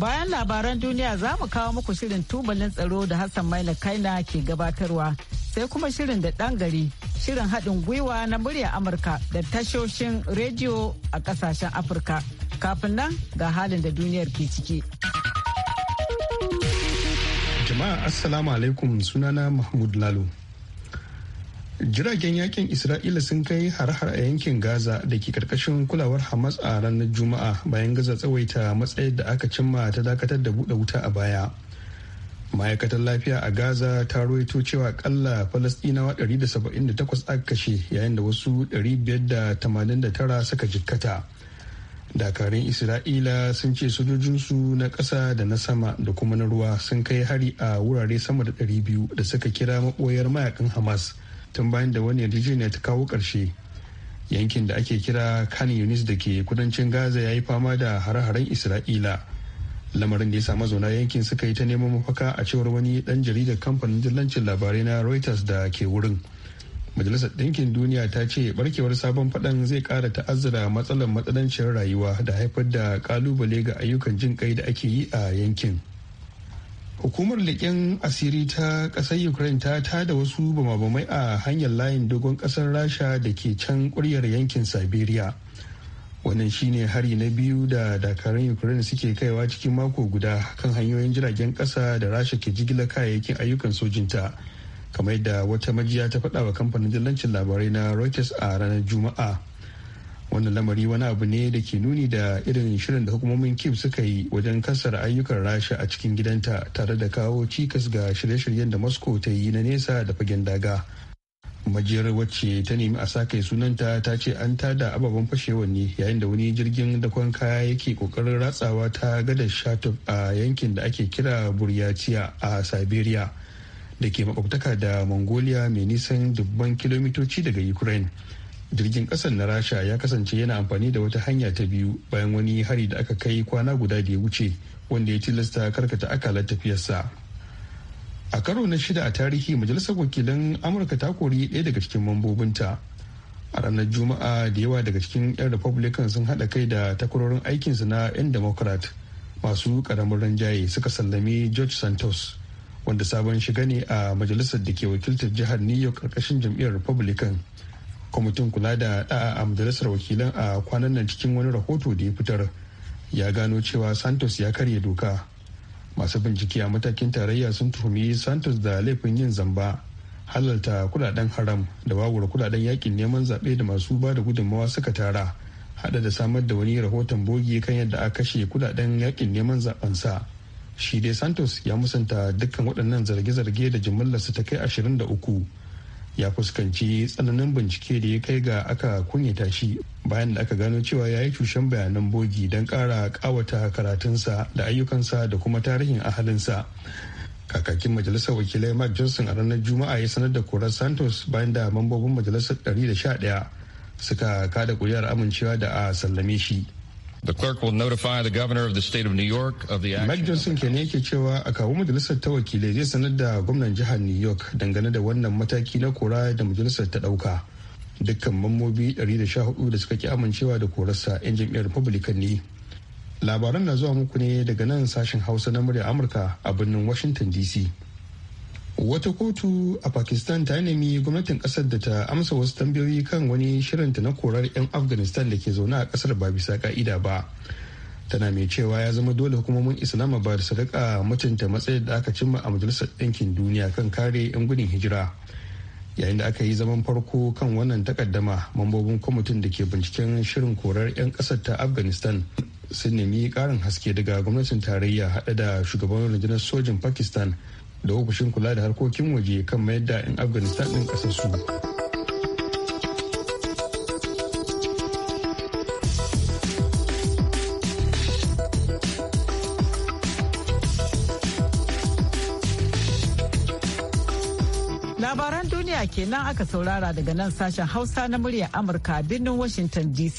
Bayan labaran duniya za mu kawo muku shirin tubalin tsaro da Hassan Maina Kaina ke gabatarwa sai kuma shirin da ɗan gari shirin haɗin gwiwa na murya Amurka da tashoshin rediyo a ƙasashen Afirka. Kafin nan ga halin da duniyar ke ciki. Jama'a Assalamu alaikum sunana Mahmud Lalo. jiragen yakin isra'ila sun kai har-har a yankin gaza da ke karkashin kulawar hamas a ranar juma'a bayan gaza tsawaita matsayin da aka cimma ta dakatar da buɗe wuta a baya ma'aikatar lafiya a gaza ta ruwaito cewa kalla falastinawa 178 aka kashe yayin da wasu 589 suka jikkata dakarun isra'ila sun ce sojojinsu na ƙasa da na sama da kuma na ruwa sun kai hari a wurare sama da 200 da suka kira maboyar mayakan hamas tun bayan da wani yarjejeniya ta kawo ƙarshe yankin da ake kira kan yunis da ke kudancin gaza ya yi fama da hare-haren isra'ila lamarin da ya sa mazauna yankin suka yi ta neman mafaka a cewar wani dan jaridar kamfanin dillancin labarai na reuters da ke wurin majalisar ɗinkin duniya ta ce barkewar sabon faɗan zai ƙara ta'azzara matsalar matsananciyar rayuwa da haifar da ƙalubale ga ayyukan jin kai da ake yi a yankin hukumar leƙen asiri ta ƙasar ukraine ta tada wasu bamabamai a hanyar layin dogon ƙasar rasha da ke can ƙuryar yankin siberia wannan shine hari na biyu da dakarun ukraine suke kaiwa cikin mako guda kan hanyoyin jiragen ƙasa da rasha ke jigilar kayayyakin ayyukan sojinta kamar da wata majiya ta faɗa wa kamfanin dillancin labarai na reuters a ranar juma'a wannan lamari wani abu ne da ke nuni da irin shirin da hukumomin kim suka yi wajen kasar ayyukan rasha a cikin gidanta tare da kawo cikas ga shirye-shiryen da moscow ta yi na nesa da fagen daga majiyar wacce ta nemi a sake sunanta ta ce an tada ababen fashewa ne yayin da wani jirgin dakon kaya yake kokarin ratsawa ta gadar shatov a yankin da ake kira buryaciya a siberia da ke makwabtaka da mongolia mai nisan dubban kilomitoci daga ukraine jirgin kasan na rasha ya kasance yana amfani da wata hanya ta biyu bayan wani hari da aka kai kwana guda da ya wuce wanda ya tilasta karkata akalar tafiyarsa a karo na shida a tarihi majalisar wakilan amurka ta kori ɗaya daga cikin mambobinta a ranar juma'a da yawa daga cikin 'yan republican sun haɗa kai da takwarorin aikinsu na 'yan democrat masu ƙaramin ranjaye suka sallami george santos wanda sabon shiga ne a majalisar da ke wakiltar jihar new york ƙarƙashin jam'iyyar republican kwamitin kula da da'a a majalisar wakilan a kwanan nan cikin wani rahoto da ya fitar ya gano cewa santos ya karya doka masu bincike a matakin tarayya sun tuhumi santos da laifin yin zamba halarta kudaden haram da wawura kudaden yakin neman zaɓe da masu ba da gudunmawa suka tara hada da samar da wani rahoton bogi kan yadda aka kashe kudaden yakin neman sa shi dai santos ya musanta dukkan waɗannan zarge-zarge da jimillarsu ta kai ashirin da uku. ya fuskanci tsananin bincike da ya kai ga aka kunyata shi bayan da aka gano cewa ya yi cushen bayanan bogi don ƙara ƙawata karatunsa da ayyukansa da kuma tarihin ahalinsa kakakin majalisar wakilai mark johnson a ranar juma'a ya sanar da korar santos bayan da mambobin majalisar 111 suka kada kuri'ar amincewa da a sallame shi The clerk will notify the governor of the state of New York of the action. Mike Johnson ke ne yake cewa a kawo majalisar ta wakilai zai sanar da gwamnan jihar New York dangane da wannan mataki na kora da majalisar ta dauka. Dukkan mambobi 114 da suka ki amincewa da korarsa 'yan jam'iyyar Republican ne. Labaran na zuwa muku ne daga nan sashen Hausa na murya Amurka a birnin Washington DC. wata kotu a pakistan ta nemi gwamnatin kasar da ta amsa wasu tambayoyi kan wani shirinta na korar 'yan afghanistan da ke zaune a kasar ba bisa ka'ida ba tana mai cewa ya zama dole hukumomin ba su rika mutunta matsayin da aka cimma a majalisar ɗinkin duniya kan kare 'yan gudun hijira yayin da aka yi zaman farko kan wannan takaddama mambobin kwamitin da ke binciken shirin korar 'yan ƙasar ta afghanistan sun nemi karin haske daga gwamnatin tarayya haɗe da shugaban rundunar sojin pakistan da ofishin kula da harkokin waje kan mayar da in afghanistan ɗin kasar su labaran duniya kenan aka saurara daga nan sashen hausa na muryar amurka birnin washington dc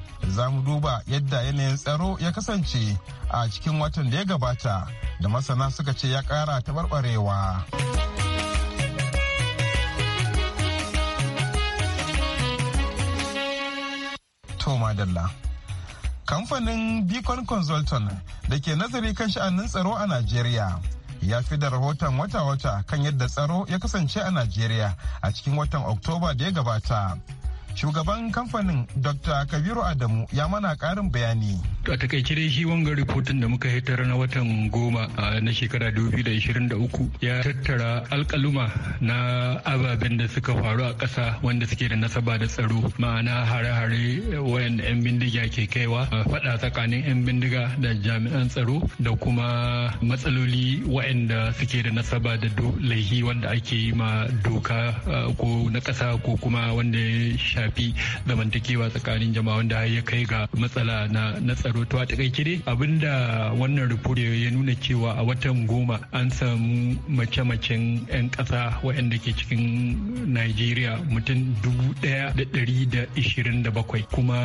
za mu duba yadda yanayin tsaro ya kasance a cikin watan da ya gabata da masana suka ce ya kara barbarewa. Kamfanin Beacon Consultant da ke nazari kan sha'anin tsaro a Najeriya. ya fi da rahoton wata-wata kan yadda tsaro ya kasance a Najeriya a cikin watan Oktoba da ya gabata. shugaban kamfanin dr kabiru adamu ya mana karin bayani a takaice dai shi wanga rikotin da muka hitar na watan goma na shekara 2023 ya tattara alkaluma na ababen da suka faru a ƙasa wanda suke da nasaba da tsaro ma'ana hare-hare wayan 'yan bindiga ke kaiwa faɗa tsakanin 'yan bindiga da jami'an tsaro da kuma matsaloli wayanda suke da nasaba da laihi wanda ake yi ma doka ko na ƙasa ko kuma wanda ya shafi zamantakewa tsakanin jama'a wanda ya kai ga matsala na na tsaro to a takaice dai abinda wannan rufure ya nuna cewa a watan goma an samu mace-macen 'yan kasa waɗanda ke cikin Najeriya mutum dubu ɗaya da dari da ishirin da bakwai kuma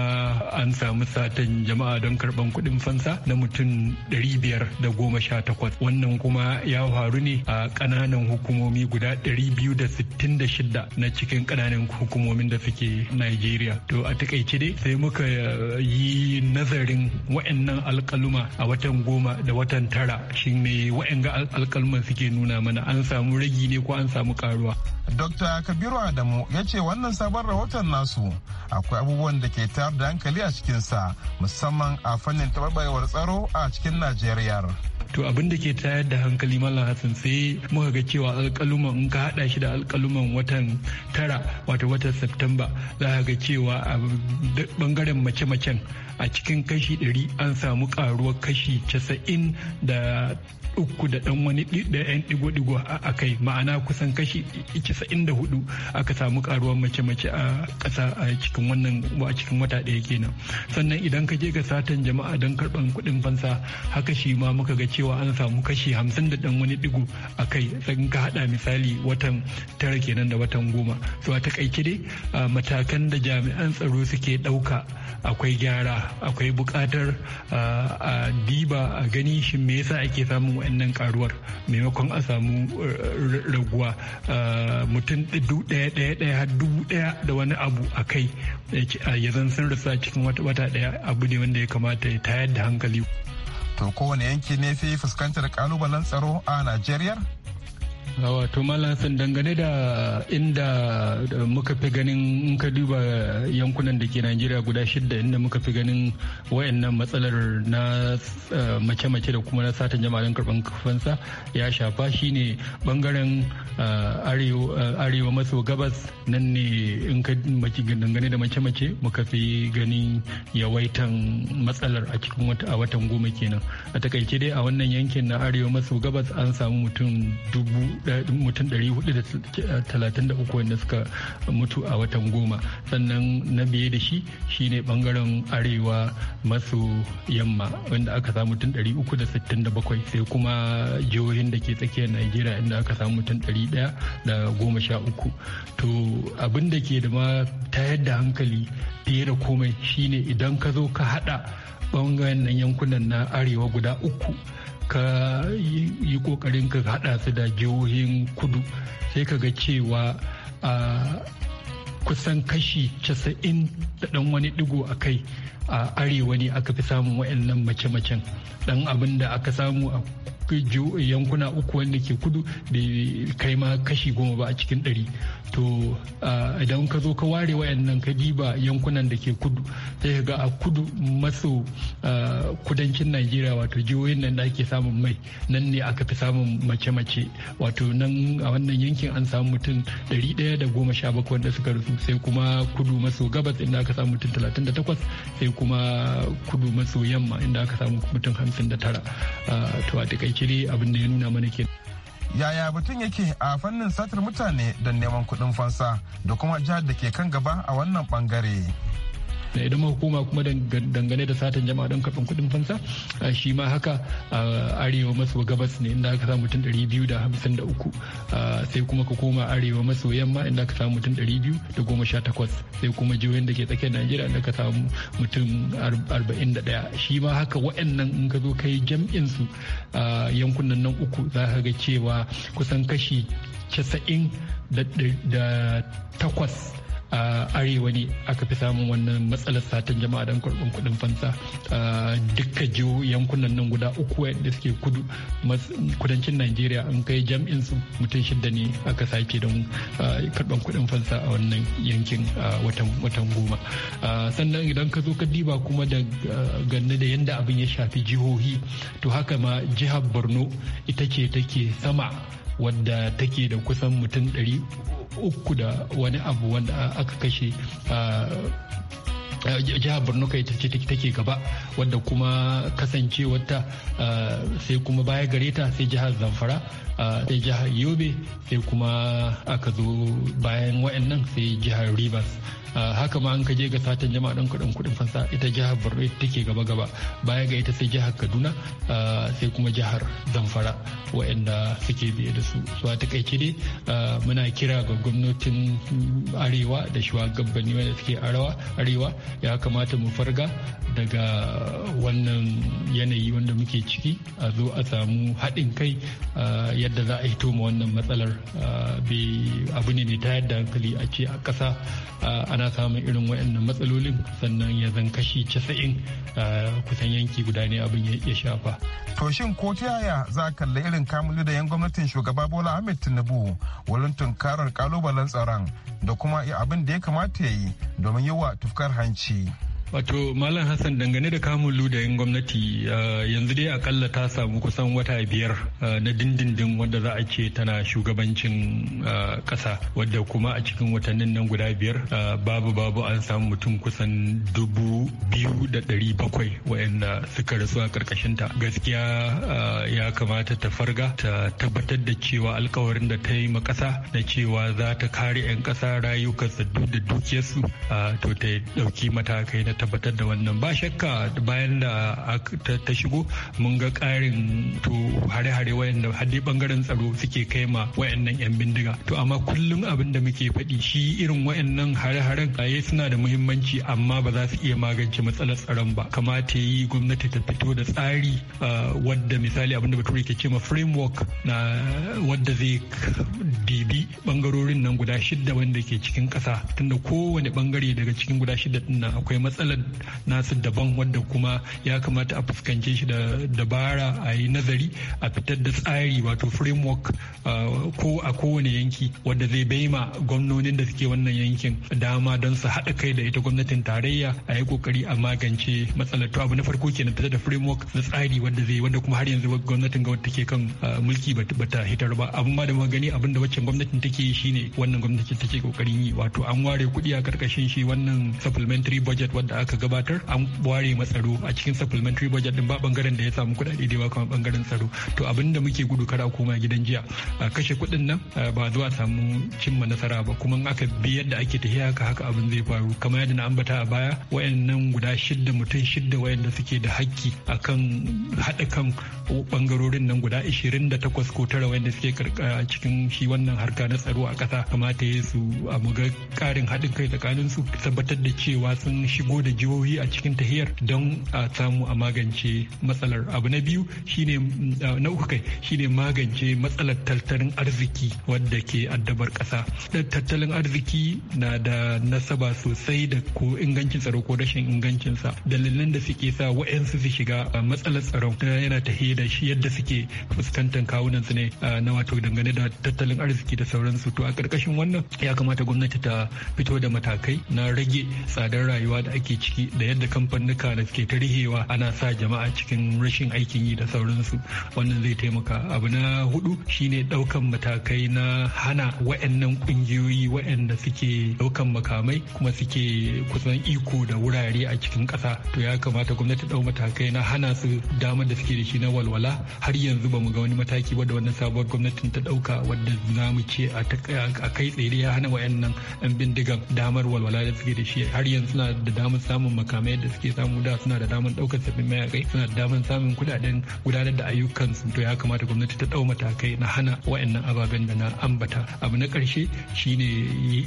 an samu satan jama'a don karɓan kuɗin fansa na mutum dari biyar da goma sha takwas wannan kuma ya faru ne a ƙananan hukumomi guda dari biyu da sittin da shida na cikin ƙananan hukumomin da suke Najeriya. To a takaice dai sai muka eh, yi nazarin wa'annan alkaluma a watan goma da watan tara shi ne wa'anga alkaluman suke nuna mana an samu ragi ne ko an samu karuwa. Dr. Kabiru Adamu ya ce wannan sabon rahoton nasu akwai abubuwan da ke tayar da hankali a cikinsa musamman a fannin tabarbarewar tsaro a cikin Najeriya. to abin da ke tayar da hankali mallam hassan sai muka ga cewa alkaluman in ka hada shi da alkaluman watan tara wato watan september za ga cewa a bangaren mace-macen a cikin kashi 100 an samu karuwar kashi 90 da uku da dan wani ɗayan ɗigo digo a kai ma'ana kusan kashi 94 aka samu karuwar mace-mace a ƙasa a cikin wannan a cikin wata ɗaya kenan sannan idan ka je ga satan jama'a don karɓan kuɗin fansa haka shi ma muka ga cewa an samu kashi 50 da dan wani digo a kai sai ka haɗa misali watan tara kenan da watan goma to a takaice dai matakan da jami'an tsaro suke ɗauka akwai gyara akwai buƙatar a diba a gani shin me yasa ake samun wa'annan karuwar maimakon a samu eh, raguwa eh, mutum ɗaya daya ɗaya har dubu ɗaya da wani abu a kai ya zan sun rasa cikin wata ɗaya abu ne wanda ya kamata ya tayar da hankali. To kowane yanki ne fi fuskantar kalubalen tsaro a Najeriya? wato malasan dangane da inda muka fi ganin in ka duba yankunan da ke najeriya guda shidda inda muka fi ganin wayannan matsalar na eh, mace-mace da kuma na satan jama'an karban kafansa ya shafa shine bangaren eh, eh, arewa maso gabas nan ne in ka dangane da mace-mace muka fi ganin yawaitan matsalar a cikin watan goma kenan a takaice dai a wannan yankin na arewa maso gabas an samu mutum dubu mutum 433 wanda suka mutu a watan goma sannan na biye da shi shine bangaren arewa maso yamma wanda aka samu mutum 367 sai kuma jihohin da ke tsakiyar nigeria inda aka samu mutum uku to abin da ke da ma tayar da hankali fiye da komai shine idan ka zo ka hada bangaren yankunan na arewa guda uku ka yi kokarin ka hada su da jihohin kudu sai ka ga cewa a kusan kashi casa'in da dan wani digo a kai a arewa ne aka fi samun wayannan mace-macen dan abin da aka samu a yankuna uku wanda ke kudu bai kai ma kashi goma ba a cikin ɗari to idan ka zo ka ware wayannan ka diba yankunan da ke kudu sai ga a kudu maso kudancin najeriya wato jihohin nan da ake samun mai nan ne aka fi samun mace-mace wato nan a wannan yankin an samu mutum 117 wanda suka rasu sai kuma kudu maso gabas inda aka samu mutum 38 sai kuma kudu maso yamma inda aka samu mutum 59 to a takaice abin da ya nuna mana kenan yaya batun yake a fannin satar mutane don neman kuɗin fansa da kuma jihar da ke kan gaba a wannan bangare. da idan hukuma kuma dangane da satan jama'a don karɓar kuɗin fansa shi ma haka arewa maso gabas ne inda aka samu mutum ɗari biyu da hamsin da uku sai kuma ka koma arewa maso yamma inda aka samu mutum ɗari biyu da goma sha takwas sai kuma jihohin da ke tsakiyar najeriya inda aka samu mutum arba'in da ɗaya shi ma haka wa'annan in ka zo kai jam'in su yankunan nan uku za ka ga cewa kusan kashi casa'in da takwas a arewa ne aka fi samun wannan matsalar satan jama'a don karɓar kuɗin fansa duka jiho yankunan nan guda uku da suke kudu kudancin najeriya an kai jam'in su mutum shidda ne aka sake don karɓar kuɗin fansa a wannan yankin watan goma sannan idan ka zo ka diba kuma da ganne da yadda abin ya shafi jihohi to haka ma jihar borno ita ce take sama wadda take da kusan mutum ɗari uku da wani abu wanda aka kashe jihar borno kai ce take gaba wadda kuma kasancewarta sai kuma baya gare ta sai jihar zamfara sai jihar yobe sai kuma aka zo bayan wa'annan sai jihar rivers Ah, haka ma an ka je ga satan jama'a dan kudin kudin fansa ita jihar borno ita take gaba gaba baya ga ita sai jihar kaduna ah, sai kuma jihar zamfara waɗanda suke biye da su su a takaice dai ah, muna kira ga gwamnatin arewa da shugabanni wanda suke arewa ya kamata mu farga daga wannan yanayi wanda muke ciki a zo a samu haɗin kai yadda za a yi ma wannan matsalar abu ne mai tayar da hankali a ce a ƙasa ana ana samun irin waɗannan matsalolin sannan ya zan kashi casa'in a kusan yanki guda ne abin ya shafa. To shin ko ta yaya za a kalli irin kamulu da yan gwamnatin shugaba Bola Ahmed Tinubu wurin tunkarar kalubalen tsaron da kuma abin da ya kamata ya yi domin yi wa tufkar hanci. Wato Malam Hassan dangane da kamun ludayin gwamnati uh, yanzu dai akalla ta samu kusan wata biyar uh, na dindindin wanda za a ce tana shugabancin uh, ƙasa wadda kuma a cikin watannin nan guda biyar babu babu an samu mutum kusan dubu biyu da ɗari bakwai waanda suka rasu a ƙarƙashinta. Gaskiya ya kamata ta farga ta tabbatar da cewa alkawarin da ta yi ma ƙasa na cewa za ta kare 'yan ƙasa rayukansa da dukiyarsu to ta ɗauki matakai na tabbatar da wannan ba shakka bayan da ta shigo mun ga karin to hare-hare wayanda hadde bangaren tsaro suke kai ma wayannan 'yan bindiga to amma kullum abin da muke faɗi shi irin wa'yan nan hare-haren kaye suna da muhimmanci amma ba za su iya magance matsalar tsaron ba kamata yi gwamnati ta fito da tsari wadda misali abin da bature ke ce ma framework na wadda zai dibi bangarorin nan guda shidda wanda ke cikin ƙasa tunda kowane bangare daga cikin guda shidda din akwai matsala matsalar nasu daban wadda kuma ya kamata a fuskance shi da dabara a yi nazari a fitar da tsari wato framework uh, ko a kowane yanki wadda zai baima gwamnonin da suke wannan yankin dama don su haɗa kai da ita gwamnatin tarayya a yi kokari a magance matsalar to abu na farko kenan fitar da framework na tsari wadda zai wanda kuma har yanzu gwamnatin ga wata take kan uh, mulki bata hitar ba abin ma da magani abin da waccan gwamnatin take yi shine wannan gwamnati take kokarin yi wato an ware kuɗi a karkashin shi wannan supplementary budget wadda da aka gabatar an ware matsaro a cikin supplementary budget din ba bangaren da ya samu kudade da ba kamar bangaren tsaro to abin da muke gudu kara koma gidan jiya kashe kuɗin nan ba zuwa samu cimma nasara ba kuma aka bi yadda ake tafiya haka haka abin zai faru kamar yadda na ambata a baya wayannan guda shidda mutum shidda wayanda suke da hakki akan hada kan bangarorin nan guda 28 ko tara wayanda suke cikin shi wannan harka na tsaro a kasa kamata ya su a muga karin haɗin kai tsakanin su tabbatar da cewa sun shigo da jihohi a cikin tahiyar don a samu a magance matsalar abu na biyu shine na uku kai shine magance matsalar tattalin arziki wadda ke addabar ƙasa tattalin arziki na da nasaba sosai da ko ingancin tsaro ko rashin ingancin sa dalilan da suke sa wa'yansu su shiga matsalar tsaro yana tahiye da shi yadda suke fuskantar kawunan su ne na wato dangane da tattalin arziki da sauransu to a karkashin wannan ya kamata gwamnati ta fito da matakai na rage tsadar rayuwa da ake ake ciki da yadda kamfanuka da suke ta rihewa ana sa jama'a cikin rashin aikin yi da sauransu wannan zai taimaka abu na hudu shine daukan matakai na hana wa'annan kungiyoyi wa'anda suke daukan makamai kuma suke kusan iko da wurare a cikin kasa to ya kamata gwamnati dau matakai na hana su damar da suke da shi na walwala har yanzu ba mu ga wani mataki ba da wannan sabuwar gwamnatin ta dauka wadda za mu ce a kai tsere ya hana wa'annan yan bindigan damar walwala da suke da shi har yanzu suna da damar samun makamai da suke samu da suna da damar daukar sabbin mayakai suna da damar samun kudaden gudanar da ayyukan ayyukansu to ya kamata gwamnati ta dau matakai na hana wayannan ababen da na ambata abu na karshe shine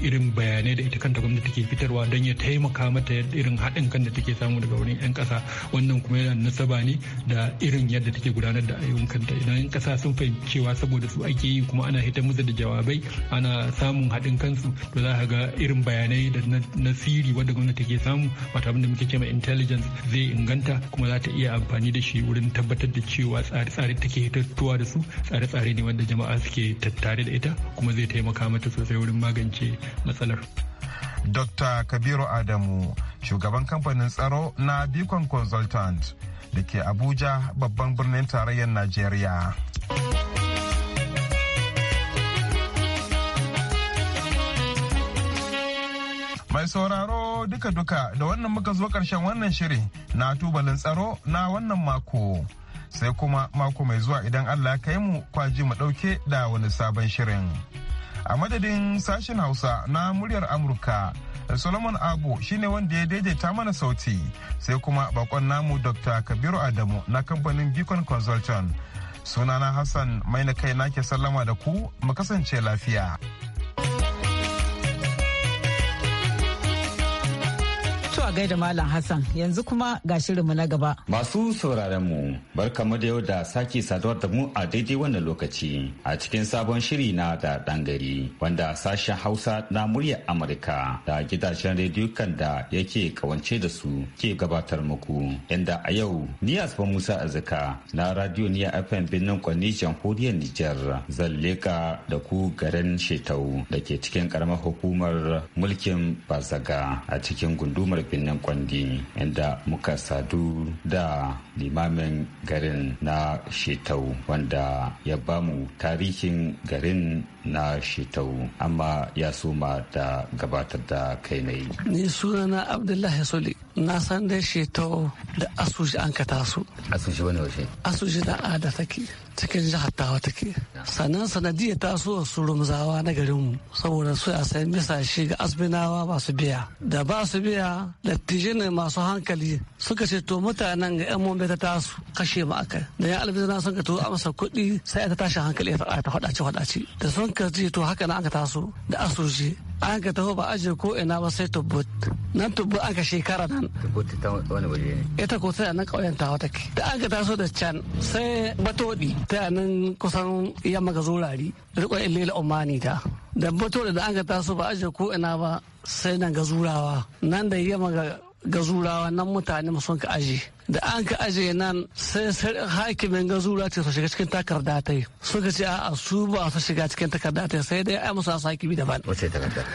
irin bayanai da ita kanta gwamnati ke fitarwa don ya taimaka mata irin haɗin kan da take samu daga wurin 'yan ƙasa wannan kuma yana nasaba ne da irin yadda take gudanar da ayyukan ta idan 'yan ƙasa sun fahimci cewa saboda su ake yi kuma ana hita musu da jawabai ana samun haɗin kansu to za ka ga irin bayanai da na siri wanda gwamnati ke samu wato abin da muke cewa intelligence zai inganta kuma za ta iya amfani da shi wurin tabbatar da cewa tsare-tsare take hitattuwa da su tsare-tsare ne wanda jama'a suke tattare da ita kuma zai taimaka mata sosai wurin magance matsalar. Dr. Kabiru Adamu, shugaban kamfanin tsaro na Beacon Consultant da ke Abuja babban birnin tarayyar Najeriya. Mai sauraro duka-duka da wannan muka zo ƙarshen wannan shiri na tubalin tsaro na wannan mako. Sai kuma mako mai zuwa idan Allah ka yi mu kwaji mu ɗauke da wani sabon shirin. A madadin sashen Hausa na muryar Amurka, Solomon Abu shine wanda ya daidaita mana sauti, sai kuma bakon namu Dr. Kabiru Adamu na kamfanin Beacon Consultant. Sunana Hassan mai na kai nake sallama da ku, mu kasance lafiya. a gaida Malam Hassan yanzu kuma ga shirinmu na gaba. Masu sauraron mu kamar da yau da sake saduwar da mu a daidai wannan lokaci a cikin sabon shiri na da ɗan gari wanda sashen Hausa na muryar Amurka da gidajen rediyo kan da yake kawance da su ke gabatar muku. Inda a yau ni Asma Musa Azika na Radio Niya FM birnin Kwani jamhuriyar Nijar zan leka da ku garin Shetau da ke cikin karamar hukumar mulkin Bazaga a cikin gundumar Benin birnin kwandi inda muka sadu da limamin garin na shetau wanda ya bamu tarihin garin na shetau amma ya soma da gabatar da kai ne. ni sunana abdullahi sole. na san dai sheto da asuji an ka taso asuji wani waje asuji da ada take cikin jihar tawa take sannan sanadiyar taso su rumzawa na garin mu saboda su a sayan bisa shi ga asbinawa ba su biya da ba su biya da ne masu hankali suka ce to mutanen ga yan mombe ta taso kashe mu akai da ya albizina sun ka to amsa kuɗi sai ta tashi hankali ta faɗace faɗace da sun ka ji to haka na aka taso da asuji an ka taho ba ajiye ko ina ba sai tubbut nan tubbut an ka shekara nan tubbut ta wani waje ne ita ko ta nan kauyen ta wata ke da an ka taso da can sai batodi ta nan kusan yamma ga zurari rikon ilela umani ta da batodi da an ka taso ba ajiye ko ina ba sai nan ga zurawa nan da yamma ga ga zurawa nan mutane sun ka aje da an ka aje nan sai hakimin gazura ce su shiga cikin takarda ta yi suka ce a su ba su shiga cikin takarda ta sai dai ai musu hakimi daban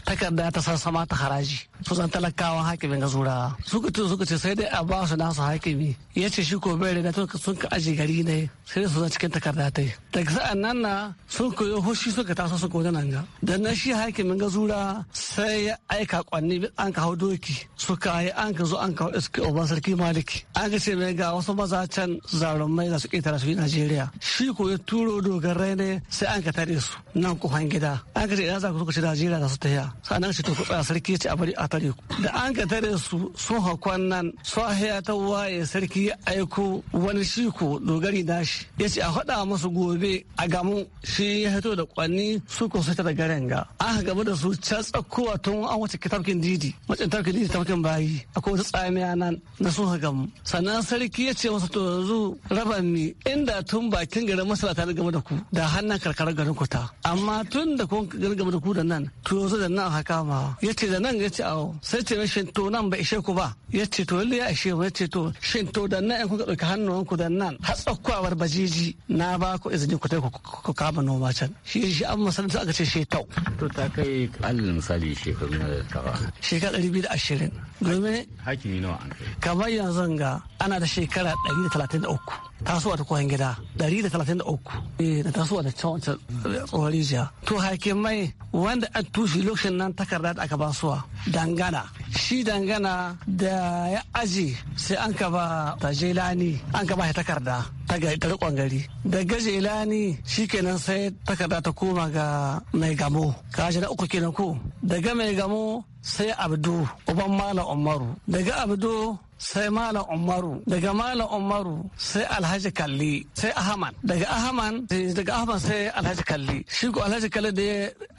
takarda ta sama ta haraji su zan talakawa hakimin gazura suka ce suka ce sai dai a ba su nasu hakimi ya ce shi ko bai to sun ka aje gari ne sai su zan cikin takarda ta yi daga sa'an nan na sun koyo hoshi suka taso suka wajen nan ga da na shi hakimin gazura sai ya aika kwanni an ka hau doki suka yi an ka zo an ka hau iske oban sarki maliki an ka ce mai ga wasu maza can zarumai da su ƙetara su yi Najeriya. Shi ko ya turo dogarai ne sai an ka tare su nan kofan gida. An ka ce ina za ku kuce Najeriya za su tafiya. Sa'an shi to ku tsaya sarki ya ce a bari a tare ku. Da an ka tare su sun hakon nan sahiya ta waye sarki ya aiko wani shi ko dogari da shi Ya ce a faɗa masu gobe a gamu shi ya fito da kwanni su ko sai ta da ga An gaba da su can tsakowa tun an wuce tafkin didi. wacce tafkin didi tafkin bayi. Akwai wata tsamiya nan na sun hagamu. Sannan sannan sarki ya ce masa to yanzu raban ni inda tun bakin garin masara ta game da ku da hannun karkarar garin ku ta amma tun da kun game da ku da nan to yanzu da nan haka ma ya ce da nan ya ce awo sai ce mai shinto nan ba ishe ku ba ya ce to ya ishe ya ce to shinto to da nan in kuka ɗauki hannun ku da nan har tsakkowar bajiji na ba ku izini ku ku kama noma can shi shi an masarauta aka ce shetau. to ta kai alal misali shekaru na da tawa. shekara ɗari biyu da ashirin domin hakimi nawa an kai kamar yanzu ga ana da shekara 133 tasowa ta kohan gida 133 da eh, tasowa da can wancan eh, tsohon rijiya to mai. wanda an tushe lokacin nan takarda da aka basuwa dangana shi dangana da ya aji sai an ka ba jelani an ka ba takarda ta rikon gari da Shi kenan sai takarda ta koma ga mai gamo kashi da uku kenan ko daga mai gamo sai abdu uban malam umaru daga abdu sai malam umaru daga malam umaru sai alhaji kalli sai ahmad daga ahmad daga ahmad sai alhaji kalli shi ko alhaji kalli da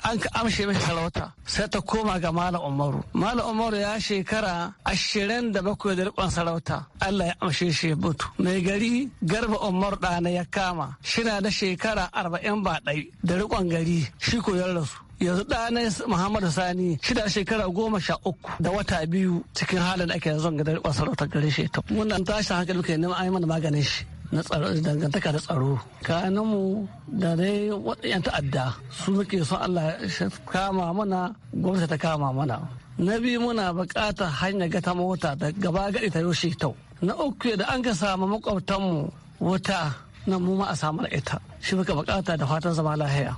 an ka amshe mai sarauta sai ta koma ga malam umaru malam umaru ya shekara ashirin da bakwai da rikon sarauta allah ya amshe shi mutu mai gari garba umaru ɗana ya kama shi na da shekara arba'in ba ɗai da rikon gari shi ko ya rasu yanzu ɗana muhammadu sani shida shekara goma sha uku da wata biyu cikin halin ake yanzu ga dare sarautar gare shi ta wannan tashin hankali muke neman ayi mana maganin shi na tsaro dangantaka da tsaro kayanan mu da dai yan ta'adda su muke son Allah ya kama mana gwamnati ta kama mana na biyu muna buƙatar hanyar gata mota da gaba gaɗi ta yoshe tau na uku da an ka samu makwabtanmu wuta nan mu ma a samar ita shi muka bukata da fatan zama lahiya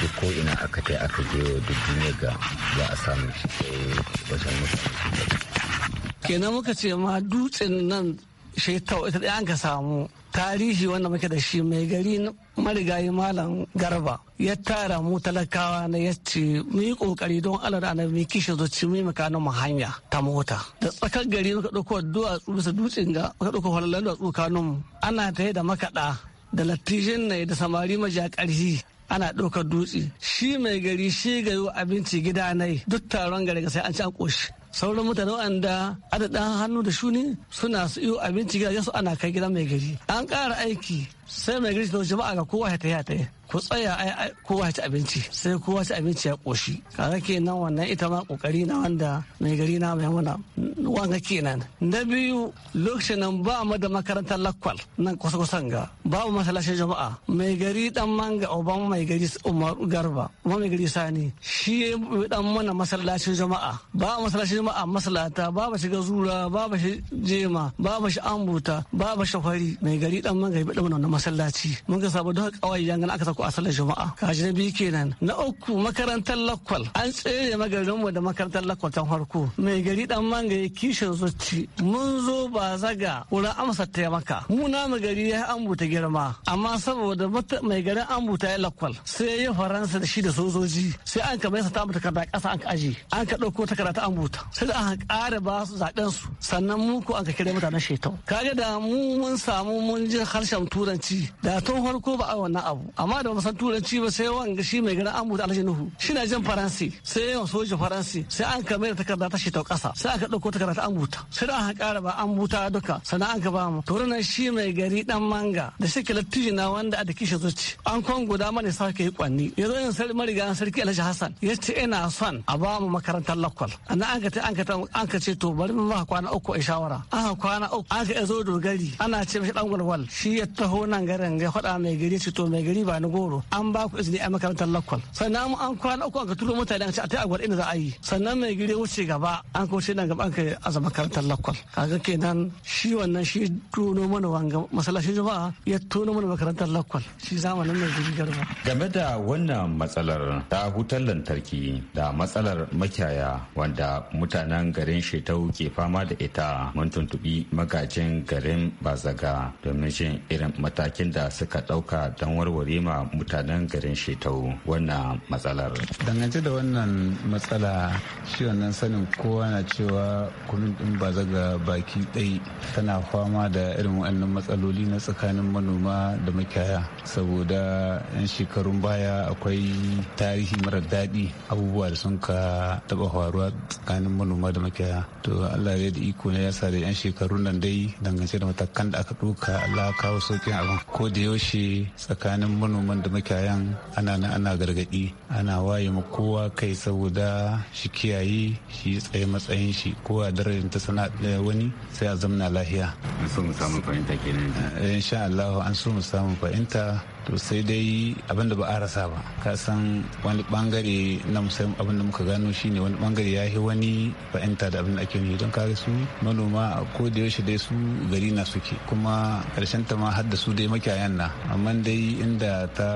duk ko ina aka kai aka je duk duniya ga za a samu wajen mutane kenan muka ce ma dutsen nan shi an ka samu tarihi wanda muke da shi mai gari marigayi malam garba ya tara mu talakawa na ya ce mu yi kokari don allah da annabi kishin kishi zuci ci mai makano mu hanya ta mota da tsakar gari muka dauko duwa bisa dutsen ga muka dauko halallan mu ana ta da makaɗa da latijin ne da samari maja ƙarfi ana ɗaukar dutse shi mai gari shi ga abinci gida nai duk taron gari sai an ci an koshi. sauran mutane waɗanda adadin hannu da shuni suna su iyo abinci gidajen su ana kai gida mai gari an ƙara aiki sai mai girki ta jama'a ga kowa ya ta ya ta ku tsaya kowa ya ci abinci sai kowa ci abinci ya koshi rake nan wannan ita ma kokari na wanda mai gari na mai mana wanga kenan na biyu lokacin nan ba mu da makarantar lakwal nan kusa kusan ga mu masallacin jama'a mai gari dan manga oban mai gari umar garba ma mai gari sani shi dan mana masallacin jama'a ba masallacin jama'a masallata ba ba ga zura ba ba shi jema ba ba shi ambuta ba ba shafari mai gari dan manga ya bi dan wannan masallaci mun ga sabo don kawai yan aka sako a sallar juma'a kaji na biyu kenan na uku makarantar lakwal an tsere magarin mu da makarantar lakwal tan farko mai gari dan manga ya kishin zuci mun zo ba zaga wurin amsa ta maka mu na gari ya ambuta girma amma saboda mai garin ambuta ya lakwal sai ya faransa da shi da sojoji sai an kamar sa ta mutu kada kasa an ka aji an ka dauko ta karata ambuta sai da an kara ba su zaben su sannan mu ko an ka kira mutanen shetau. kaga da mu mun samu mun ji harshen turanci turanci da tun farko ba a wannan abu amma da san turanci ba sai wanga gashi mai garin amu da alhaji nuhu shi na jan faransi sai yawan soja faransi sai an kame da takarda ta shi ta kasa sai aka dauko takarda ta ambuta sai da aka kara ba ambuta duka sannan an ka ba mu to nan shi mai gari dan manga da shi lattiji na wanda a da kishi zuci an kon guda mana sa ka yi kwanni ya zo yin sarki mariga sarki alhaji hassan ya ce ina son a ba mu makarantar lakwal an an ka an ka an ka ce to bari mu ba kwana uku a shawara aka kwana uku aka zo dogari ana ce mishi dan walwal shi ya taho nan hangaren ga faɗa mai gari su to mai gari ba na goro an ba ku izini a makarantar lakwal sannan an kwana uku aka turo mutane a ta agwar inda za a yi sannan mai gari wuce gaba an ko shi nan gaba an kai aza makarantar lakwal kaga kenan shi wannan shi tono mana wanga masallacin jama'a ya tono mana makarantar lakwal shi zamanin mai gari garba game da wannan matsalar ta hutar lantarki da matsalar makiyaya wanda mutanen garin shetau ke fama da ita mun tuntubi magajin garin bazaga domin shin irin mata matakin da suka ɗauka don warware ma mutanen garin shetau wannan matsalar. Dangance da wannan matsala shi wannan sanin kowa na cewa kunun ɗin ba zaga baki ɗai tana fama da irin wannan matsaloli na tsakanin manoma da makiyaya saboda 'yan shekarun baya akwai tarihi mara daɗi abubuwa da sun ka taɓa faruwa tsakanin manoma da makiyaya to allah ya da iko ne ya sa da 'yan shekarun nan dai dangance da matakan da aka ɗauka allah kawo sauƙin ko da yaushe tsakanin manoman da makiyayan ana nan ana gargadi ana waye ma kowa kai saboda shi kiyaye shi tsaye matsayin shi kowa darajar ta sana eh, wani sai a zamna lahiya an so mu samu fahimta kenan eh, insha Allah an so mu samun fahimta to sai dai abin da ba a rasa ba ka san wani bangare na musamman abin da muka gano shine wani bangare ya yi wani fahimta da abin da ake nufi don kare su manoma a ko da yaushe dai su gari na suke kuma karshen ta ma har da su dai makiyayan na amma dai inda ta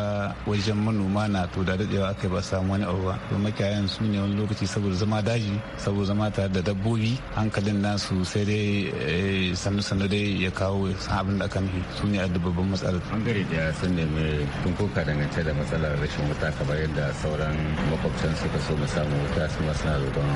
wajen manoma na to da dadewa aka ba samu wani abu ba to makiyayan su ne wani lokaci saboda zama daji saboda zama tare da dabbobi hankalin nasu sai dai eh, sannu sannu dai ya kawo san abin da aka nufi su ne a dubban matsalar bangare da sun nemi tun kuka dangance da matsalar rashin wuta kamar yadda sauran makwabtan suka so mu samu wuta su ma suna roƙon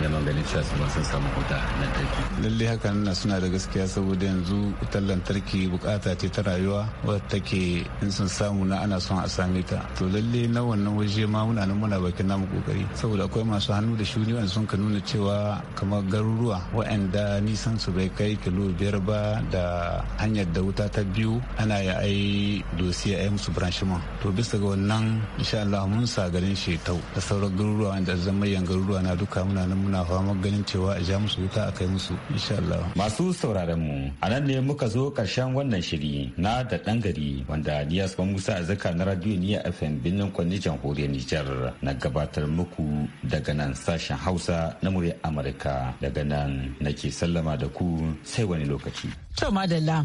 neman ganin cewa su sun samu wuta lantarki. lalle haka nuna suna da gaskiya saboda yanzu wutar lantarki bukata ce ta rayuwa wadda take in sun samu na ana son a same ta to lallai na wannan waje ma muna nan muna bakin namu kokari saboda akwai masu hannu da shuni wanda sun ka nuna cewa kamar garuruwa waɗanda nisan su bai kai kilo biyar ba da hanyar da wuta ta biyu ana ya ai dosiya yi musu branchima to bisa ga wannan insha Allah mun sa garin shetau da sauran garuruwa da zama yan garuruwa na duka muna nan muna fama ganin cewa a ja musu wuta a kai musu insha Allah masu sauraron mu a nan ne muka zo karshen wannan shiri na da dan gari wanda Niyas Musa Azaka na Radio Niyya FM Benin Kwanni Jamhuriyar Nijar na gabatar muku daga nan sashen Hausa na muryar Amurka daga nan nake sallama da ku sai wani lokaci to madalla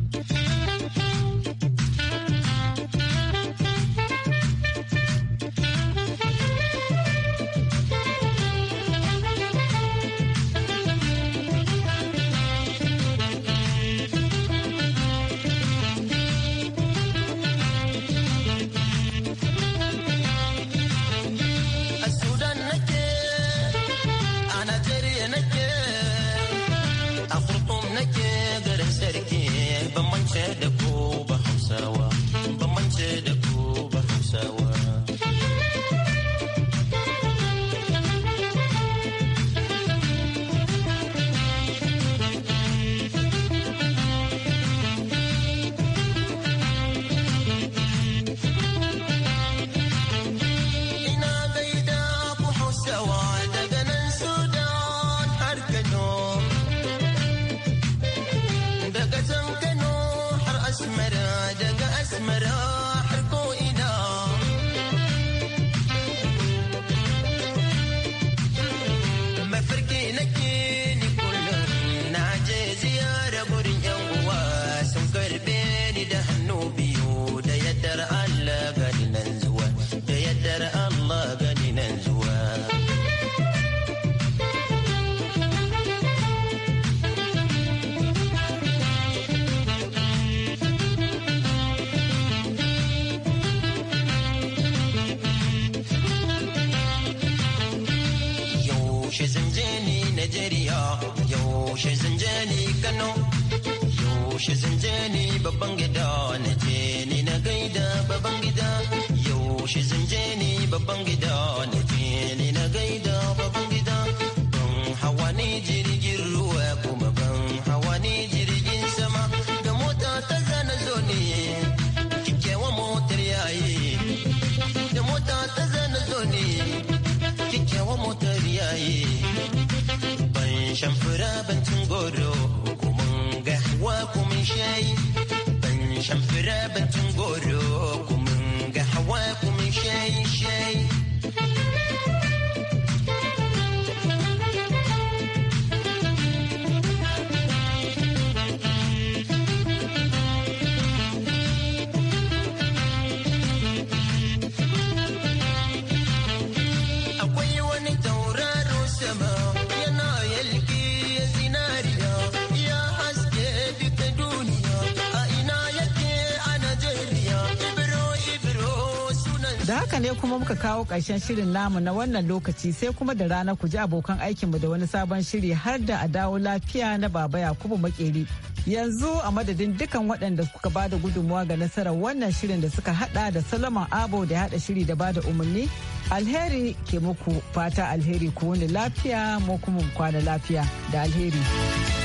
haka ne kuma muka kawo karshen shirin namu na wannan lokaci sai kuma da rana ku ji abokan aikinmu da wani sabon shiri har da a dawo lafiya na baba yakubu makeri yanzu a madadin dukan waɗanda kuka ba da gudunmuwa ga nasarar wannan shirin da suka hada da salaman abo da hada shiri da bada da umarni alheri ke muku fata alheri ku wani lafiya mu kuma kwana lafiya da alheri.